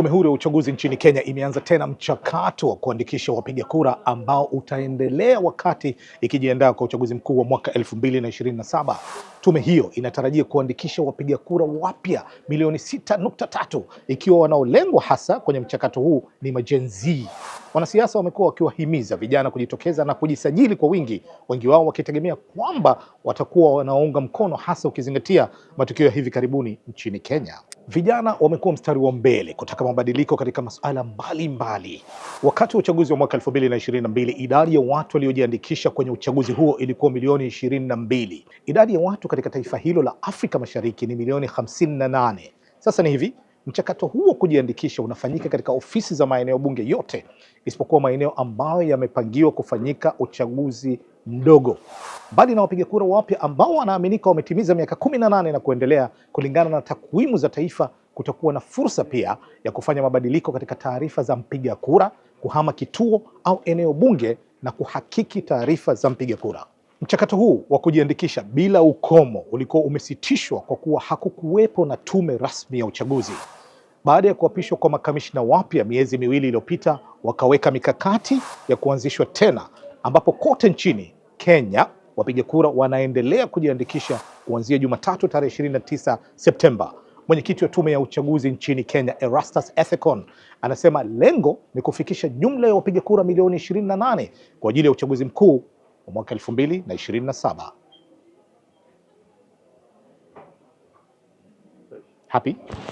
Tume Huru ya Uchaguzi nchini Kenya imeanza tena mchakato wa kuandikisha wapiga kura ambao utaendelea wakati ikijiandaa kwa uchaguzi mkuu wa mwaka 2027. Tume hiyo inatarajia kuandikisha wapiga kura wapya milioni 6.3 ikiwa wanaolengwa hasa kwenye mchakato huu ni majenzi. Wanasiasa wamekuwa wakiwahimiza vijana kujitokeza na kujisajili kwa wingi, wengi wao wakitegemea kwamba watakuwa wanaunga mkono, hasa ukizingatia matukio ya hivi karibuni nchini Kenya. Vijana wamekuwa mstari wa mbele kutaka mabadiliko katika masuala mbalimbali mbali. Wakati wa uchaguzi wa mwaka 2022 idadi ya watu waliojiandikisha kwenye uchaguzi huo ilikuwa milioni 22. Idadi ya watu katika taifa hilo la Afrika Mashariki ni milioni 58. Sasa ni hivi, mchakato huo wa kujiandikisha unafanyika katika ofisi za maeneo bunge yote isipokuwa maeneo ambayo yamepangiwa kufanyika uchaguzi mdogo, bali na wapiga kura wapya ambao wanaaminika wametimiza miaka 18 na kuendelea kulingana na takwimu za taifa, kutakuwa na fursa pia ya kufanya mabadiliko katika taarifa za mpiga kura kuhama kituo au eneo bunge na kuhakiki taarifa za mpiga kura. Mchakato huu wa kujiandikisha bila ukomo ulikuwa umesitishwa kwa kuwa hakukuwepo na tume rasmi ya uchaguzi. Baada ya kuapishwa kwa makamishna wapya miezi miwili iliyopita, wakaweka mikakati ya kuanzishwa tena, ambapo kote nchini Kenya wapiga kura wanaendelea kujiandikisha kuanzia Jumatatu tarehe 29 Septemba. Mwenyekiti wa tume ya uchaguzi nchini Kenya, Erastus Ethekon, anasema lengo ni kufikisha jumla ya wapiga kura milioni 28 kwa ajili ya uchaguzi mkuu wa mwaka 2027. Happy?